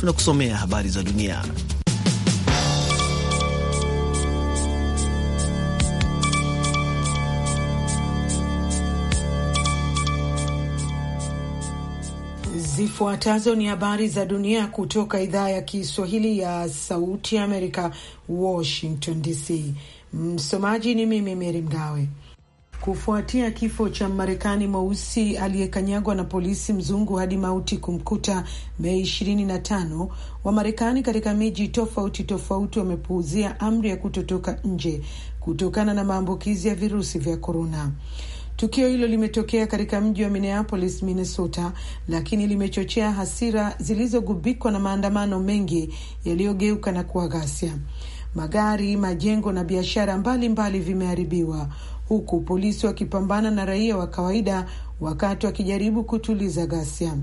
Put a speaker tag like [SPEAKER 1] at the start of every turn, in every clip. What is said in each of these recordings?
[SPEAKER 1] tunakusomea habari za dunia.
[SPEAKER 2] Zifuatazo ni habari za dunia kutoka idhaa ya Kiswahili ya Sauti ya Amerika, Washington DC. Msomaji ni mimi Meri Mgawe kufuatia kifo cha Marekani mweusi aliyekanyagwa na polisi mzungu hadi mauti kumkuta Mei 25. Wamarekani katika miji tofauti tofauti wamepuuzia amri ya kutotoka nje kutokana na maambukizi ya virusi vya korona. Tukio hilo limetokea katika mji wa Minneapolis, Minnesota, lakini limechochea hasira zilizogubikwa na maandamano mengi yaliyogeuka na kuwa ghasia. Magari, majengo na biashara mbalimbali vimeharibiwa huku polisi wakipambana na raia wa kawaida wakati wakijaribu kutuliza ghasia.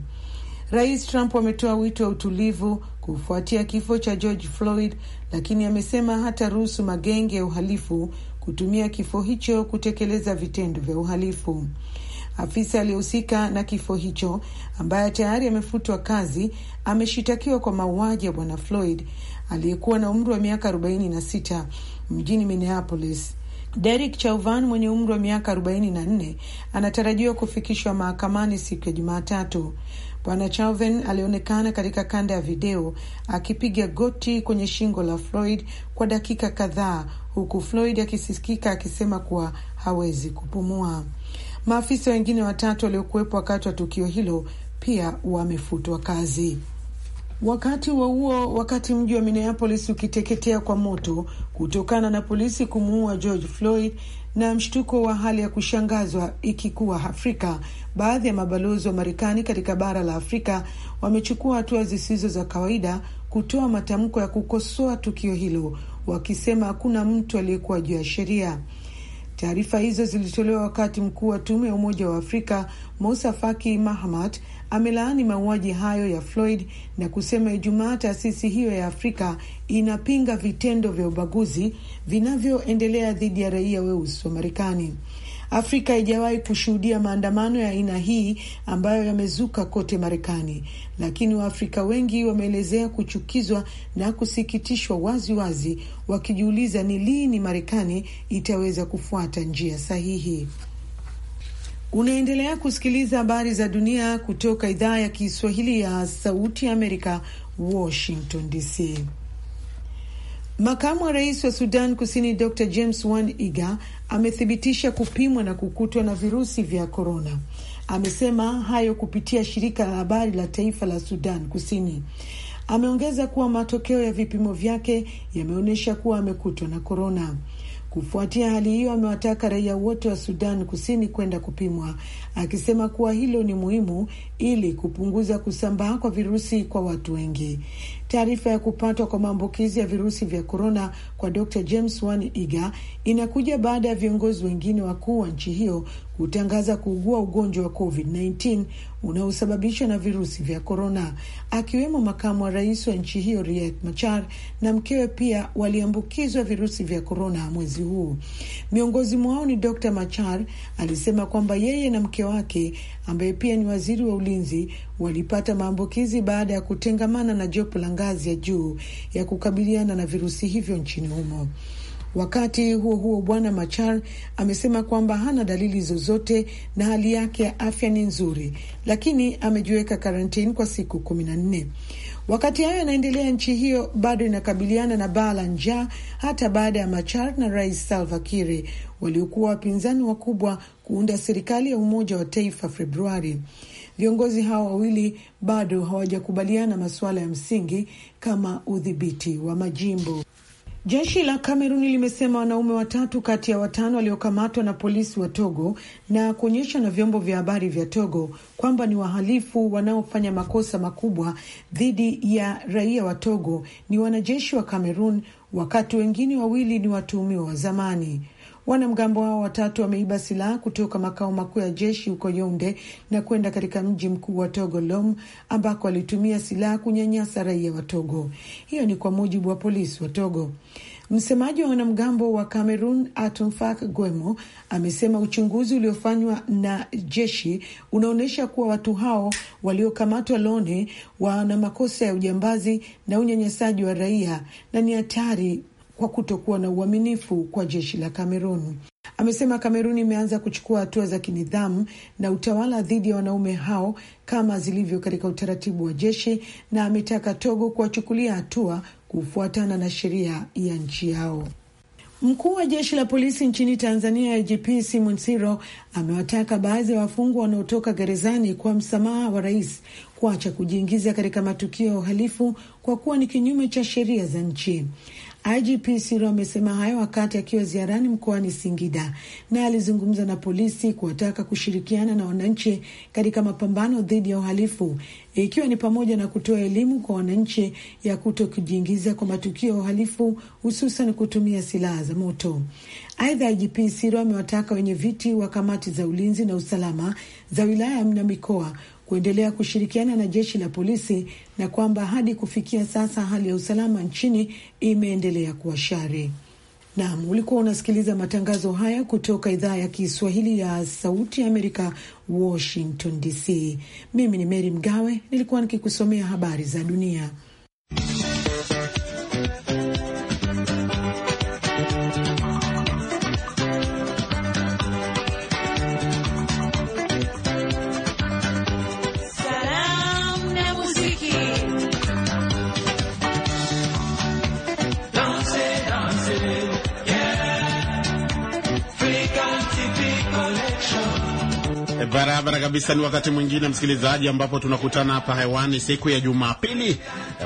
[SPEAKER 2] Rais Trump ametoa wito wa utulivu kufuatia kifo cha George Floyd, lakini amesema hataruhusu magenge ya uhalifu kutumia kifo hicho kutekeleza vitendo vya uhalifu. Afisa aliyehusika na kifo hicho ambaye tayari amefutwa kazi ameshitakiwa kwa mauaji ya bwana Floyd aliyekuwa na umri wa miaka 46 mjini Minneapolis. Derek Chauvin mwenye umri wa miaka 44 anatarajiwa kufikishwa mahakamani siku ya Jumatatu. Bwana Chauvin alionekana katika kanda ya video akipiga goti kwenye shingo la Floyd kwa dakika kadhaa, huku Floyd akisikika akisema kuwa hawezi kupumua. Maafisa wengine watatu waliokuwepo wakati wa tukio hilo pia wamefutwa kazi. Wakati wa huo, wakati mji wa Minneapolis ukiteketea kwa moto kutokana na polisi kumuua George Floyd na mshtuko wa hali ya kushangazwa ikikuwa Afrika, baadhi ya mabalozi wa Marekani katika bara la Afrika wamechukua hatua zisizo za kawaida kutoa matamko ya kukosoa tukio hilo, wakisema hakuna mtu aliyekuwa juu ya sheria. Taarifa hizo zilitolewa wakati mkuu wa tume ya Umoja wa Afrika Musa Faki Mahamat amelaani mauaji hayo ya Floyd na kusema Ijumaa taasisi hiyo ya Afrika inapinga vitendo vya ubaguzi vinavyoendelea dhidi ya raia weusi wa Marekani. Afrika haijawahi kushuhudia maandamano ya aina hii ambayo yamezuka kote Marekani, lakini Waafrika wengi wameelezea kuchukizwa na kusikitishwa wazi wazi, wakijiuliza ni lini Marekani itaweza kufuata njia sahihi. Unaendelea kusikiliza habari za dunia kutoka idhaa ya Kiswahili ya Sauti ya Amerika, Washington DC. Makamu wa rais wa Sudan Kusini Dr James Wan Iga amethibitisha kupimwa na kukutwa na virusi vya korona. Amesema hayo kupitia shirika la habari la taifa la Sudan Kusini. Ameongeza kuwa matokeo ya vipimo vyake yameonyesha kuwa amekutwa na korona. Kufuatia hali hiyo, amewataka raia wote wa Sudan Kusini kwenda kupimwa, akisema kuwa hilo ni muhimu ili kupunguza kusambaa kwa virusi kwa watu wengi. Taarifa ya kupatwa kwa maambukizi ya virusi vya korona kwa Dr James Iga inakuja baada ya viongozi wengine wakuu wa nchi hiyo kutangaza kuugua ugonjwa wa COVID-19 unaosababishwa na virusi vya korona, akiwemo makamu wa rais wa nchi hiyo Riek Machar na mkewe pia waliambukizwa virusi vya korona mwezi huu. miongozi mwao ni Dr Machar alisema kwamba yeye na mke wake ambaye pia ni waziri wa ulinzi walipata maambukizi baada ya kutengamana na jopo la ngazi ya juu ya kukabiliana na virusi hivyo nchini humo. Wakati huo huo, bwana Machar amesema kwamba hana dalili zozote na hali yake ya afya ni nzuri, lakini amejiweka karantini kwa siku kumi na nne. Wakati hayo yanaendelea, nchi hiyo bado inakabiliana na baa la njaa hata baada ya Machar na Rais Salva Kiir waliokuwa wapinzani wakubwa kuunda serikali ya umoja wa taifa Februari. Viongozi hawa wawili bado hawajakubaliana masuala ya msingi kama udhibiti wa majimbo. Jeshi la Kameruni limesema wanaume watatu kati ya watano waliokamatwa na polisi wa Togo na kuonyesha na vyombo vya habari vya Togo kwamba ni wahalifu wanaofanya makosa makubwa dhidi ya raia wa Togo ni wanajeshi wa Kamerun, wakati wengine wawili ni watuhumiwa wa zamani. Wanamgambo hao watatu wameiba silaha kutoka makao makuu ya jeshi huko yonde na kwenda katika mji mkuu wa Togo Lom, ambako walitumia silaha kunyanyasa raia wa Togo. Hiyo ni kwa mujibu wa polisi wa Togo. Msemaji wa wanamgambo wa Cameroon Atomfak Gwemo amesema uchunguzi uliofanywa na jeshi unaonyesha kuwa watu hao waliokamatwa Lone wana makosa ya ujambazi na unyanyasaji wa raia na ni hatari kwa kutokuwa na uaminifu kwa jeshi la Kamerun. Amesema Kamerun imeanza kuchukua hatua za kinidhamu na utawala dhidi ya wanaume hao kama zilivyo katika utaratibu wa jeshi, na ametaka Togo kuwachukulia hatua kufuatana na sheria ya nchi yao. Mkuu wa jeshi la polisi nchini Tanzania, IGP Simon Siro, amewataka baadhi ya wafungwa wanaotoka gerezani kwa msamaha wa rais kuacha kujiingiza katika matukio ya uhalifu kwa kuwa ni kinyume cha sheria za nchi. IGP Siro amesema hayo wakati akiwa ziarani mkoani Singida, naye alizungumza na polisi kuwataka kushirikiana na wananchi katika mapambano dhidi ya uhalifu, ikiwa ni pamoja na kutoa elimu kwa wananchi ya kuto kujiingiza kwa matukio ya uhalifu, hususan kutumia silaha za moto. Aidha, IGP Siro amewataka wenye viti wa kamati za ulinzi na usalama za wilaya na mikoa kuendelea kushirikiana na jeshi la polisi na kwamba hadi kufikia sasa hali ya usalama nchini imeendelea kuwa shari. Naam, ulikuwa unasikiliza matangazo haya kutoka idhaa ya Kiswahili ya Sauti ya Amerika, Washington DC. Mimi ni Mary Mgawe, nilikuwa nikikusomea habari za dunia.
[SPEAKER 3] Barabara kabisa. Ni wakati mwingine, msikilizaji, ambapo tunakutana hapa hewani siku ya Jumapili,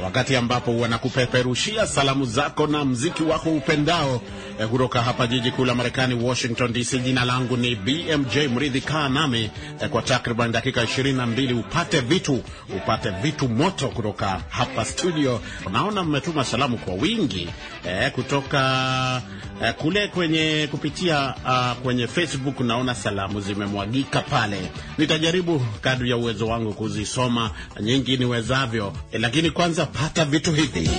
[SPEAKER 3] wakati ambapo wanakupeperushia salamu zako na mziki wako upendao Eh, kutoka hapa jiji kuu la Marekani, Washington DC. Jina langu ni BMJ Mridhi. Kaa nami eh, kwa takriban dakika 22 upate vitu upate vitu moto kutoka hapa studio. Naona mmetuma salamu kwa wingi eh, kutoka eh, kule kwenye kupitia uh, kwenye Facebook. Naona salamu zimemwagika pale, nitajaribu kadri ya uwezo wangu kuzisoma nyingi niwezavyo, eh, lakini kwanza pata vitu hivi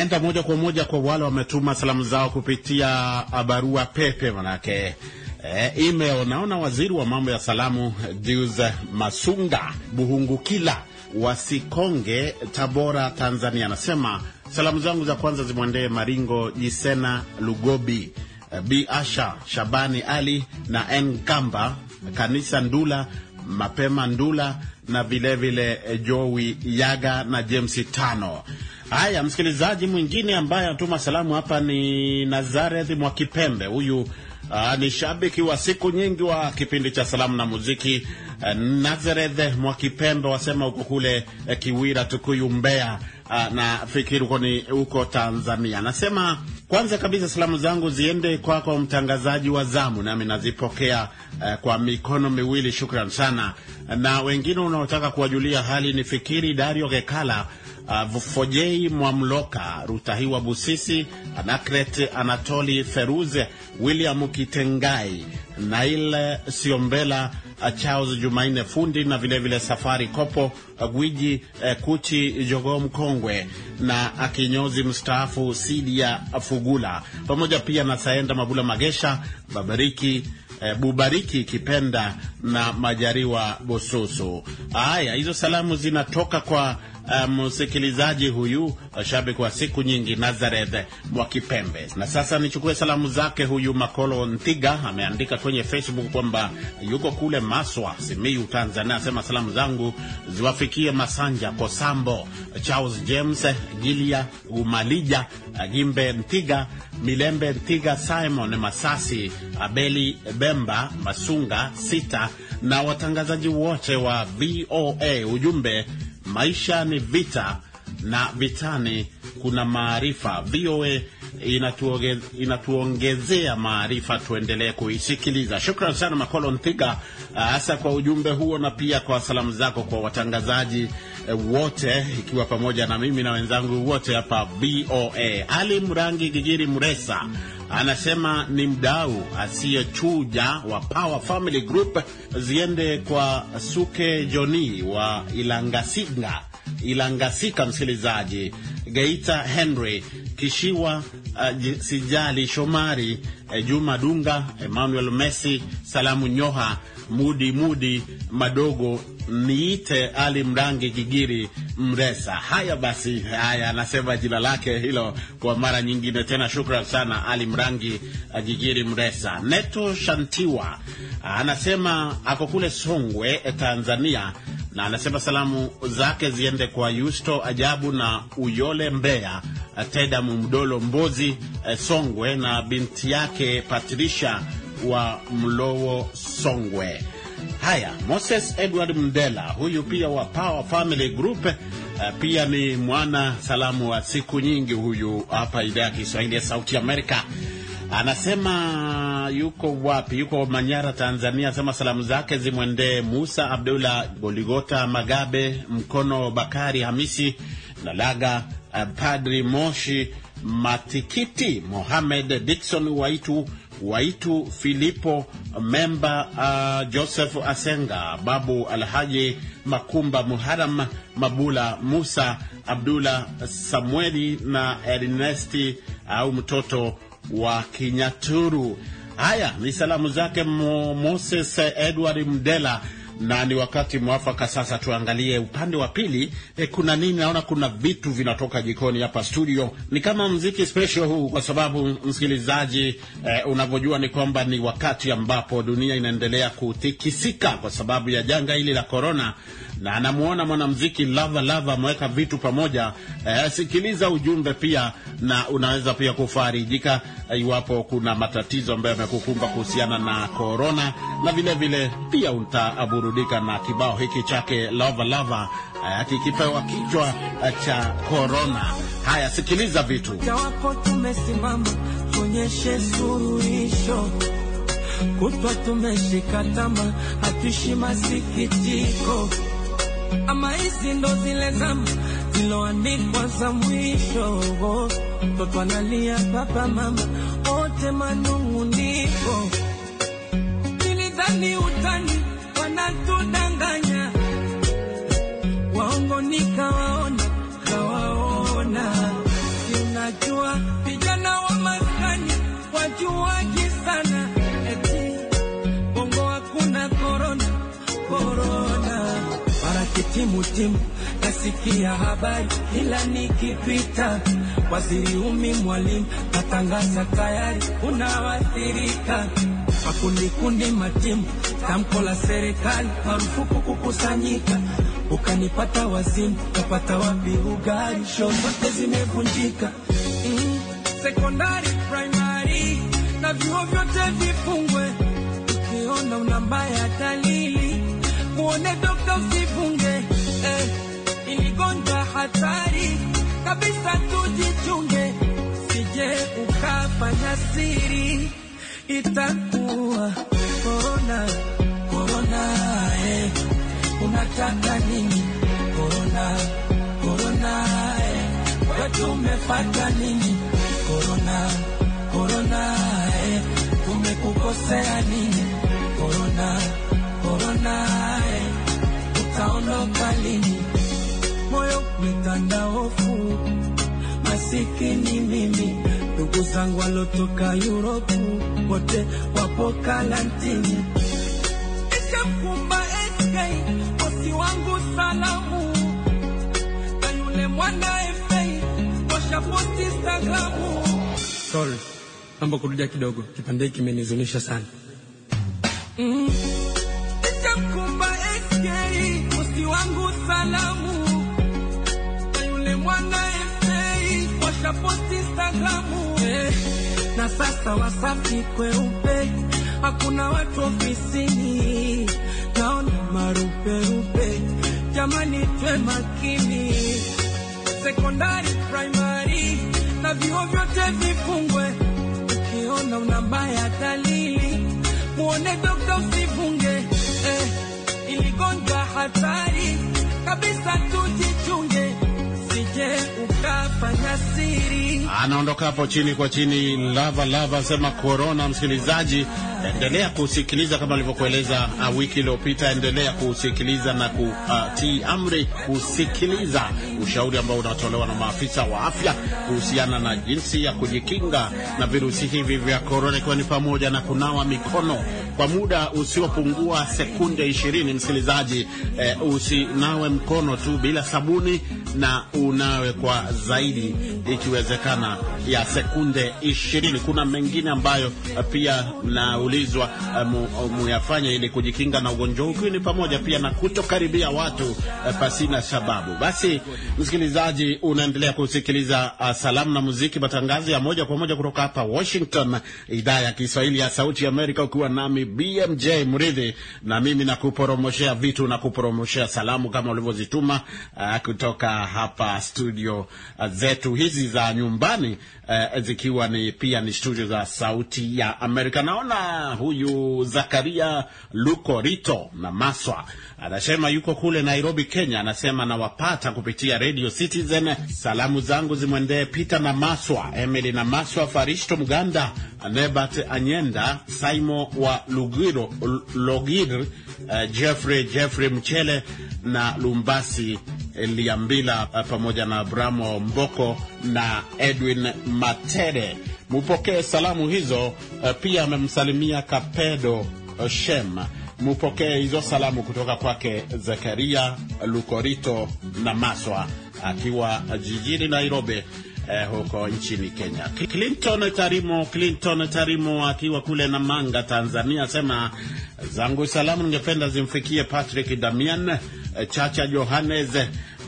[SPEAKER 3] Naenda moja kwa moja kwa wale wametuma salamu zao kupitia uh, barua pepe manake e, email. Naona waziri wa mambo ya salamu jus Masunga Buhungukila Wasikonge, Tabora, Tanzania, anasema salamu zangu za kwanza zimwendee Maringo Jisena Lugobi, eh, B Asha Shabani Ali na N Kamba Kanisa Ndula Mapema Ndula na vilevile eh, joi Yaga na James Tano Haya, msikilizaji mwingine ambaye anatuma salamu hapa ni Nazareth Mwakipembe. Huyu uh, ni shabiki wa siku nyingi wa kipindi cha salamu na muziki. Uh, Nazareth Mwakipembe wasema huko kule uh, Kiwira, Tukuyu, Mbeya uh, ah, nafikiri huko ni huko Tanzania. Anasema kwanza kabisa salamu zangu ziende kwako kwa mtangazaji wa zamu, nami nazipokea uh, kwa mikono miwili. Shukran sana. Na wengine unaotaka kuwajulia hali ni fikiri Dario Gekala, uh, ah, Fojei Mwamloka, Rutahiwa Busisi, Anakret Anatoli Feruze, William Kitengai, Nail Siombela, ah, Charles Jumaine Fundi na vilevile vile Safari Kopo gwiji eh, Kuchi Jogoo mkongwe na akinyozi mstaafu Sidia Fugula, pamoja pia na Saenda Mabula Magesha, Babariki eh, Bubariki Kipenda na Majariwa Bososo. Haya, hizo salamu zinatoka kwa Eh, msikilizaji um, huyu eh, shabiki wa siku nyingi Nazareth wa Kipembe. Na sasa nichukue salamu zake huyu Makolo Ntiga, ameandika kwenye Facebook kwamba yuko kule Maswa, Simiyu, Tanzania. Asema salamu zangu ziwafikie Masanja Kosambo, Charles James Gilia, Umalija Gimbe Ntiga, Milembe Ntiga, Simon Masasi, Abeli Bemba Masunga sita na watangazaji wote wa VOA. Ujumbe maisha ni vita na vitani kuna maarifa. VOA inatuongezea maarifa, tuendelee kuisikiliza. Shukran sana makolo nthiga ah, hasa kwa ujumbe huo na pia kwa salamu zako kwa watangazaji eh, wote, ikiwa pamoja na mimi na wenzangu wote hapa VOA. Ali Mrangi Gigiri Mresa anasema ni mdau asiyechuja wa Power Family Group, ziende kwa Suke Joni wa Ilangasinga, Ilangasika, msikilizaji Geita, Henry Kishiwa, uh, Sijali Shomari, uh, Juma Dunga, Emmanuel Messi, Salamu Nyoha mudi mudi madogo niite Ali Mrangi Gigiri Mresa. Haya basi, haya anasema jina lake hilo kwa mara nyingine tena. Shukran sana Ali Mrangi Gigiri Mresa. Neto Shantiwa anasema ako kule Songwe, Tanzania, na anasema salamu zake ziende kwa Yusto Ajabu na Uyole mbea Teda Mumdolo Mbozi, eh, Songwe, na binti yake Patricia wa Mlowo Songwe. Haya, Moses Edward Mdela huyu pia wa Power Family Group, eh, pia ni mwana salamu wa siku nyingi huyu hapa idhaa ya Kiswahili ya Sauti Amerika. Anasema yuko wapi? Yuko Manyara, Tanzania. Anasema salamu zake zimwendee Musa Abdullah Goligota Magabe Mkono Bakari Hamisi Nalaga eh, Padri Moshi Matikiti Mohamed Dikson Waitu Waitu Filipo Memba, uh, Joseph Asenga, Babu Alhaji Makumba, Muharam Mabula, Musa Abdullah, Samueli na Ernesti au mtoto wa Kinyaturu. Haya ni salamu zake Moses Edward Mdela na ni wakati mwafaka sasa tuangalie upande wa pili. E, kuna nini? Naona kuna vitu vinatoka jikoni hapa studio, ni kama mziki special huu, kwa sababu msikilizaji, e, unavyojua ni kwamba ni wakati ambapo dunia inaendelea kutikisika kwa sababu ya janga hili la korona, na anamuona mwanamuziki Lava Lava ameweka vitu pamoja. Eh, sikiliza ujumbe pia, na unaweza pia kufarijika eh, iwapo kuna matatizo ambayo yamekukumba kuhusiana na korona, na vilevile vile, pia utaburudika na kibao hiki chake Lava Lava eh, kikipewa kichwa eh, cha korona. Haya, sikiliza vitu
[SPEAKER 4] kutwa tumeshikatama, hatuishi masikitiko ama hizi ndo zile zamu ziloandikwa za mwisho, mtoto analia, papa mama wote manungu, ndipo nilidhani utani wanatudanganya waongo nikawa timu timu, nasikia habari ila nikipita, waziri umi mwalimu natangaza tayari unawathirika, makundi kundi matimu, tamko la serikali marufuku kukusanyika ukanipata wazimu, kapata wapi ugari? Shoo zote zimevunjika, mm, sekondari, primary na vyuo vyote vifungwe. Ukiona una mbaya dalili, muone dokta, usifunge ili gonjwa hatari kabisa, tujichunge, sije ukafanya siri, itakuwa korona. Korona eh, unataka nini? Korona korona eh, watu umefata nini? Korona korona eh, tumekukosea nini? Korona korona eh, utaondoka lini? moyo umetanda hofu, masikini mimi. Ndugu zangu walotoka Europe wote wapo kalantini. karantini. Ishamkumba SK bosi wangu salamu na yule mwana FA posha posti Instagramu. Sorry, naomba kurudia kidogo, kipande hiki kimenizunisha sana mm. Ishamkumba SK bosi wangu salamu nikaposti Instagramu eh, na sasa wasafi kweupe, hakuna watu ofisini, naona maruperupe. Jamani, twe makini, sekondari, primary na vyuo vyote vifungwe. Ukiona una mbaya dalili, muone dokta usivunge, eh, iligonga hatari kabisa, tujichunge sije
[SPEAKER 3] anaondoka hapo chini kwa chini. Lava lava sema korona. Msikilizaji, endelea kusikiliza kama alivyokueleza uh, wiki iliyopita. Endelea kusikiliza na kutii ah, uh, amri, kusikiliza ushauri ambao unatolewa na maafisa wa afya kuhusiana na jinsi ya kujikinga na virusi hivi vya korona, ikiwa ni pamoja na kunawa mikono kwa muda usiopungua sekunde ishirini. Msikilizaji eh, usinawe mkono tu bila sabuni na unawe kwa zaidi ikiwezekana ya sekunde ishirini. Kuna mengine ambayo pia mnaulizwa eh, muyafanye ili kujikinga na ugonjwa huu, ni pamoja pia na kutokaribia watu eh, pasina sababu. Basi msikilizaji, unaendelea kusikiliza uh, salamu na muziki, matangazo ya moja kwa moja kutoka hapa Washington, idhaa ya Kiswahili ya Sauti ya Amerika, ukiwa nami nami BMJ Mridhi, na mimi nakuporomoshea vitu na kuporomoshea salamu kama ulivyozituma, uh, kutoka hapa studio uh, zetu hizi za nyumbani eh, zikiwa ni pia ni studio za Sauti ya Amerika. Naona huyu Zakaria Luko Rito na Maswa anasema yuko kule Nairobi, Kenya, anasema nawapata kupitia Radio Citizen. Salamu zangu zimwendee Peter na Maswa, Emily na Maswa, Farishto Mganda, Nebat Anyenda, Simon wa Lugiro Logir uh, Jeffrey Jeffrey Mchele na Lumbasi eh, Liambila uh, pamoja na Abramo Mboko na Edwin Matere. Mupokee salamu hizo. Uh, pia amemsalimia Kapedo uh, Shem. Mupokee hizo salamu kutoka kwake Zakaria Lukorito na Maswa akiwa jijini Nairobi eh, huko nchini Kenya. Clinton Tarimo, Clinton Tarimo akiwa kule Namanga, Tanzania, asema zangu salamu ningependa zimfikie Patrick Damian, eh, Chacha Johannes,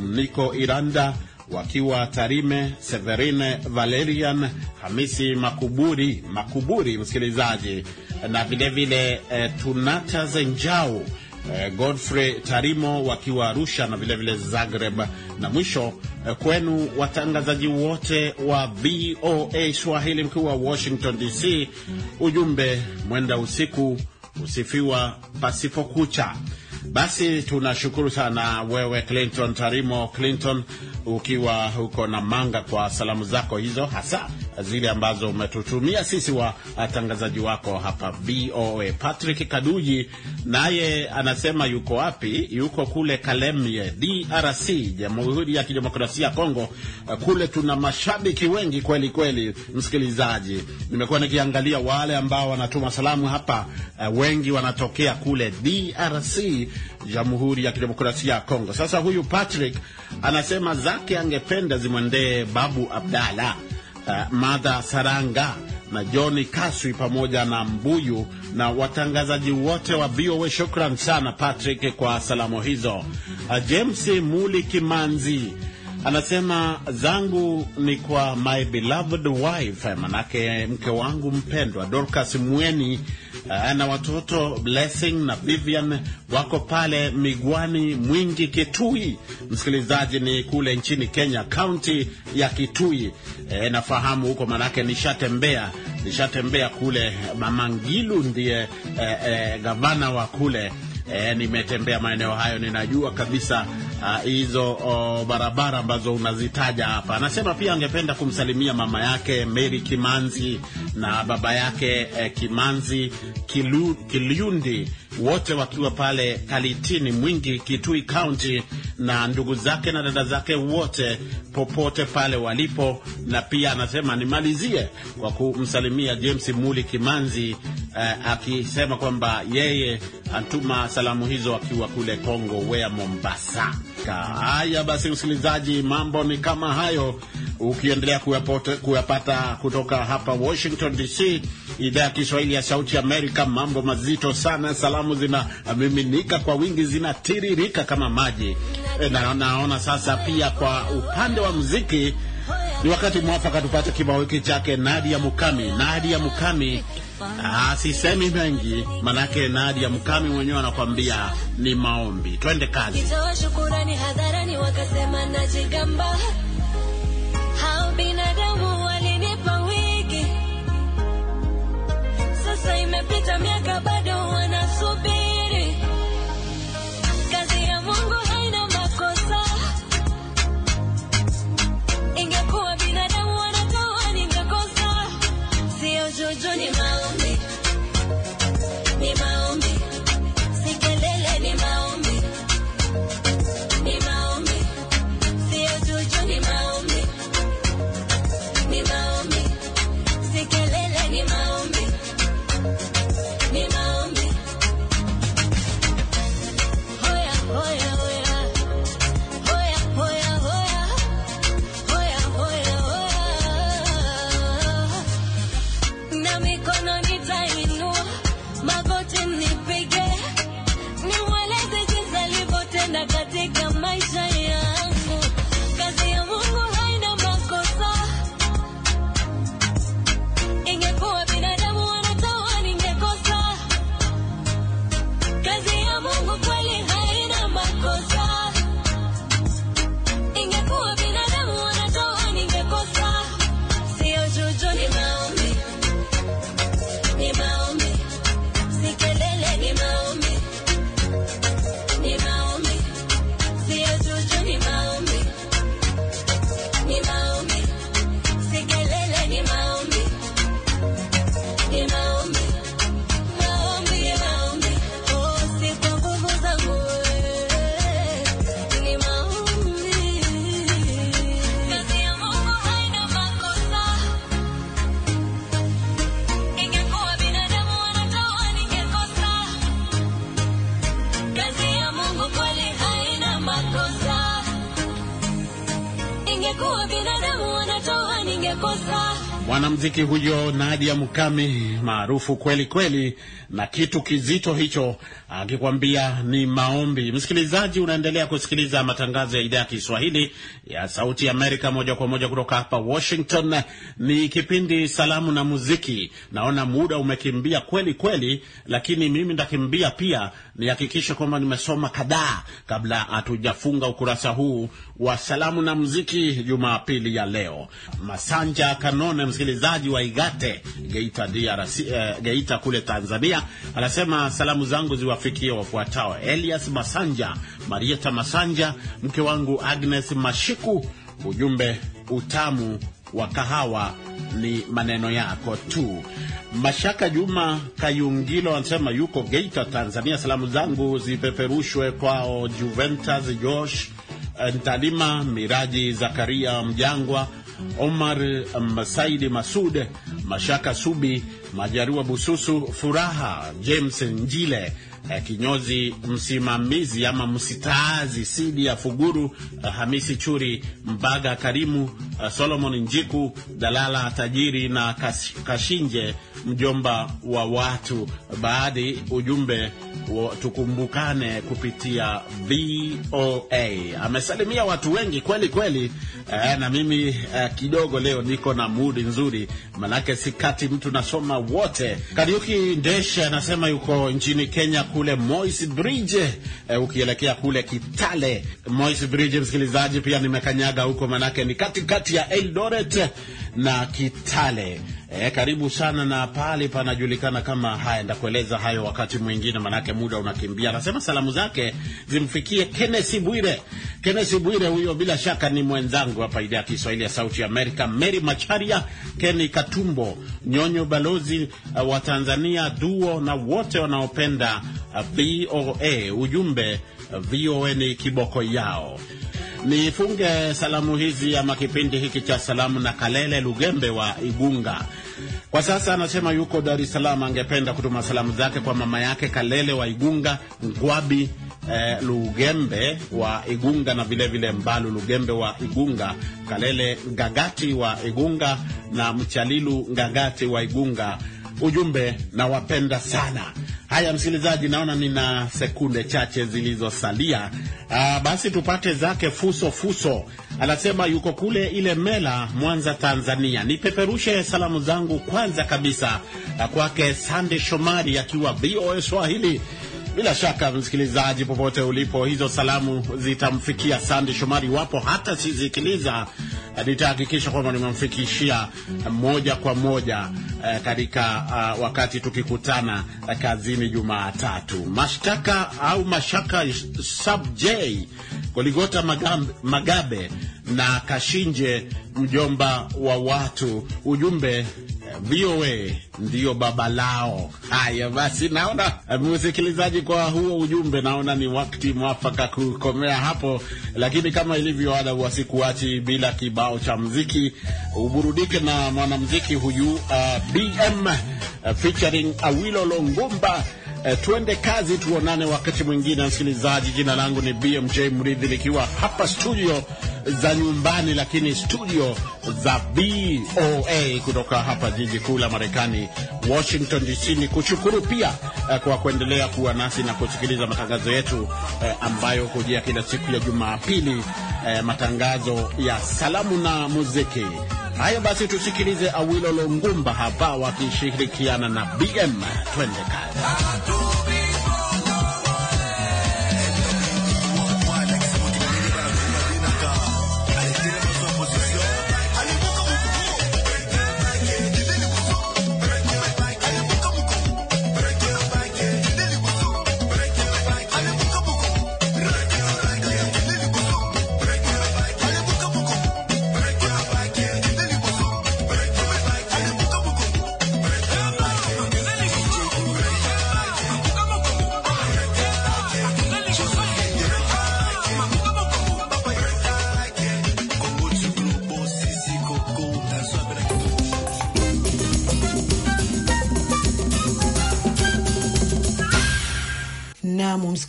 [SPEAKER 3] Niko Iranda wakiwa Tarime, Severine Valerian, Hamisi Makuburi Makuburi msikilizaji, na vilevile eh, Tunata Zenjao Eh, Godfrey Tarimo wakiwa Arusha na vilevile vile Zagreb. Na mwisho eh, kwenu watangazaji wote wa VOA Swahili mkuu wa Washington DC, ujumbe mwenda usiku usifiwa pasipokucha. Basi tunashukuru sana wewe Clinton Tarimo Clinton ukiwa huko Namanga kwa salamu zako hizo hasa zile ambazo umetutumia sisi watangazaji uh, wako hapa VOA. Patrick Kaduji naye anasema yuko wapi? Yuko kule Kalemie, DRC, Jamhuri ya Kidemokrasia ya Kongo. Uh, kule tuna mashabiki wengi kweli kweli. Msikilizaji, nimekuwa nikiangalia wale ambao wanatuma salamu hapa, uh, wengi wanatokea kule DRC, Jamhuri ya Kidemokrasia ya Kongo. Sasa huyu Patrick anasema zake angependa zimwendee Babu Abdalla uh, eh, Madha Saranga na John Kaswi pamoja na Mbuyu na watangazaji wote wa VOA. Shukran sana Patrick kwa salamu hizo. Uh, James Muli Kimanzi Anasema zangu ni kwa my beloved wife, manake mke wangu mpendwa Dorcas Mweni eh, na watoto Blessing na Vivian wako pale Migwani Mwingi Kitui. Msikilizaji, ni kule nchini Kenya, kaunti ya Kitui. E, nafahamu huko manake nishatembea nishatembea kule. Mama Ngilu ndiye e, e, gavana wa kule e, nimetembea maeneo hayo, ninajua kabisa Ah, hizo uh, barabara ambazo unazitaja hapa. Anasema pia angependa kumsalimia mama yake Mary Kimanzi na baba yake eh, Kimanzi Kilu, Kiliundi wote wakiwa pale Kalitini Mwingi, Kitui Kaunti, na ndugu zake na dada zake wote popote pale walipo. Na pia anasema nimalizie kwa kumsalimia James Muli Kimanzi eh, akisema kwamba yeye antuma salamu hizo akiwa kule Kongo Wea, Mombasa. Haya basi, msikilizaji, mambo ni kama hayo, ukiendelea kuyapata kutoka hapa Washington DC, idhaa ya Kiswahili ya Sauti Amerika. Mambo mazito sana salamu salamu zinamiminika eh, kwa wingi, zinatiririka kama maji. Eh, na naona sasa pia kwa upande wa muziki ni wakati mwafaka tupate kibao hiki chake Nadia Mukami. Nadia Mukami asisemi ah, mengi, manake Nadia Mukami mwenyewe anakwambia ni maombi. Twende kazi. mwanamziki huyo Nadia Mukami maarufu kweli kweli, na kitu kizito hicho akikwambia ni maombi. Msikilizaji, unaendelea kusikiliza matangazo ya idhaa ya Kiswahili ya Sauti Amerika moja kwa moja kutoka hapa Washington. Ni kipindi Salamu na Muziki. Naona muda umekimbia kweli kweli, lakini mimi ndakimbia pia nihakikishe kwamba nimesoma kadhaa kabla hatujafunga ukurasa huu wa Salamu na Muziki Jumapili ya leo. Masanja Kanone msikilizaji wa Igate Geita, DRC, uh, eh, Geita kule Tanzania, anasema salamu zangu ziwafikie wafuatao: Elias Masanja, Marieta Masanja, mke wangu Agnes Mashiku. Ujumbe, utamu wa kahawa ni maneno yako tu. Mashaka Juma Kayungilo anasema yuko Geita, Tanzania. Salamu zangu zipeperushwe kwao Juventus Josh eh, Ntalima, Miraji Zakaria Mjangwa, Omar Masaidi, um, Masud Mashaka, Subi Majarua, Bususu Furaha, James Njile eh, kinyozi msimamizi ama msitaazi Sidi ya Fuguru, uh, Hamisi Churi, Mbaga Karimu, uh, Solomon Njiku, Dalala Tajiri na Kas, Kashinje mjomba wa watu. Baadhi ujumbe wa tukumbukane kupitia VOA. Amesalimia watu wengi kweli kweli, Eh, na mimi eh, kidogo leo niko na mudi nzuri, manake sikati mtu nasoma wote. Kariuki Ndesha anasema yuko nchini Kenya kule Moise Bridge eh, ukielekea kule Kitale. Moise Bridge, msikilizaji, pia nimekanyaga huko, manake ni katikati ya Eldoret na Kitale. Eh, karibu sana na pale panajulikana kama haya. Ndakueleza hayo wakati mwingine, manake muda unakimbia. Anasema salamu zake zimfikie Kenneth Bwire. Kenneth Bwire huyo bila shaka ni mwenzangu hapa idhaa ya Kiswahili ya Sauti ya Amerika, Mary Macharia, Kenny Katumbo, Nyonyo, balozi eh, wa Tanzania, Duo na wote wanaopenda VOA. E, ujumbe VOA e ni kiboko yao. Nifunge salamu hizi ama kipindi hiki cha salamu na Kalele Lugembe wa Igunga. Kwa sasa anasema yuko Dar es Salaam, angependa kutuma salamu zake kwa mama yake Kalele wa Igunga, Ngwabi eh, Lugembe wa Igunga na vilevile vile Mbalu Lugembe wa Igunga, Kalele Ngagati wa Igunga na Mchalilu Ngagati wa Igunga ujumbe na wapenda sana. Haya msikilizaji, naona nina sekunde chache zilizosalia. Ah, basi tupate zake fuso fuso. Anasema yuko kule ile Mela, Mwanza, Tanzania. Nipeperushe salamu zangu kwanza kabisa kwake Sande Shomari akiwa VOA Swahili. Bila shaka msikilizaji, popote ulipo, hizo salamu zitamfikia Sande Shomari, wapo hata sisikiliza nitahakikisha kwamba nimemfikishia moja kwa moja eh, katika uh, wakati tukikutana uh, kazini Jumatatu. Mashtaka au mashaka sub J Goligota Magabe na Kashinje mjomba wa watu, ujumbe VOA ndio baba lao. Haya basi, naona msikilizaji, kwa huo ujumbe, naona ni wakati mwafaka kukomea hapo, lakini kama ilivyo ada, wasikuachi bila kibao cha mziki. Uburudike na mwanamziki huyu uh, BM uh, featuring Awilo Longomba. Uh, uh tuende kazi, tuonane wakati mwingine msikilizaji. Jina langu ni BMJ Mridhi nikiwa hapa studio za nyumbani, lakini studio za VOA kutoka hapa jiji kuu la Marekani, Washington DC. Ni kushukuru pia eh, kwa kuendelea kuwa nasi na kusikiliza matangazo yetu eh, ambayo hujia kila siku ya Jumapili, eh, matangazo ya salamu na muziki. Haya basi, tusikilize Awilo Longumba hapa wakishirikiana na BM. Twende kazi.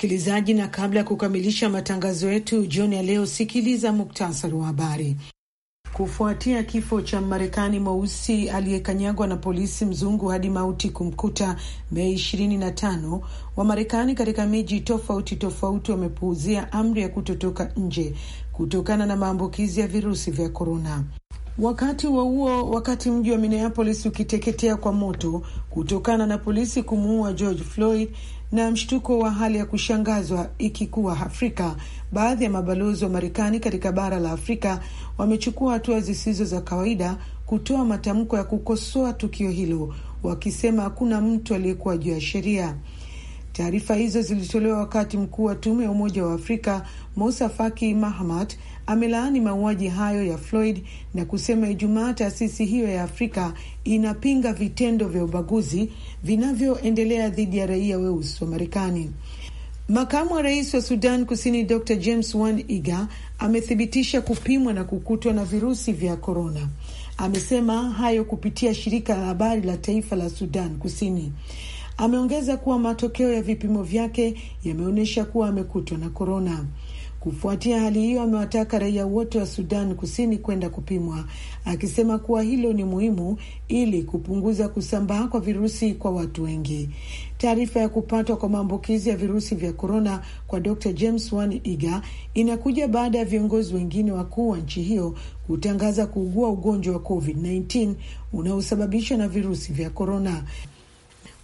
[SPEAKER 2] Msikilizaji, na kabla ya kukamilisha matangazo yetu jioni ya leo, sikiliza muktasari wa habari. Kufuatia kifo cha Marekani mweusi aliyekanyagwa na polisi mzungu hadi mauti kumkuta Mei tano, Wamarekani katika miji tofauti tofauti wamepuuzia amri ya kutotoka nje kutokana na maambukizi ya virusi vya korona. Wakati wa huo, wakati mji wa Minneapolis ukiteketea kwa moto kutokana na polisi kumuua George Floyd, na mshtuko wa hali ya kushangazwa ikikuwa Afrika. Baadhi ya mabalozi wa Marekani katika bara la Afrika wamechukua hatua zisizo za kawaida kutoa matamko ya kukosoa tukio hilo, wakisema hakuna mtu aliyekuwa juu ya sheria. Taarifa hizo zilitolewa wakati mkuu wa tume ya Umoja wa Afrika Musa Faki Mahamat amelaani mauaji hayo ya Floyd na kusema Ijumaa taasisi hiyo ya Afrika inapinga vitendo vya ubaguzi vinavyoendelea dhidi ya raia weusi wa Marekani. Makamu wa rais wa Sudan Kusini Dr James Wan Iga amethibitisha kupimwa na kukutwa na virusi vya korona. Amesema hayo kupitia shirika la habari la taifa la Sudan Kusini. Ameongeza kuwa matokeo ya vipimo vyake yameonyesha kuwa amekutwa na korona. Kufuatia hali hiyo, amewataka raia wote wa Sudan Kusini kwenda kupimwa, akisema kuwa hilo ni muhimu ili kupunguza kusambaa kwa virusi kwa watu wengi. Taarifa ya kupatwa kwa maambukizi ya virusi vya korona kwa Dr James Iga inakuja baada ya viongozi wengine wakuu wa nchi hiyo kutangaza kuugua ugonjwa wa COVID-19 unaosababishwa na virusi vya korona.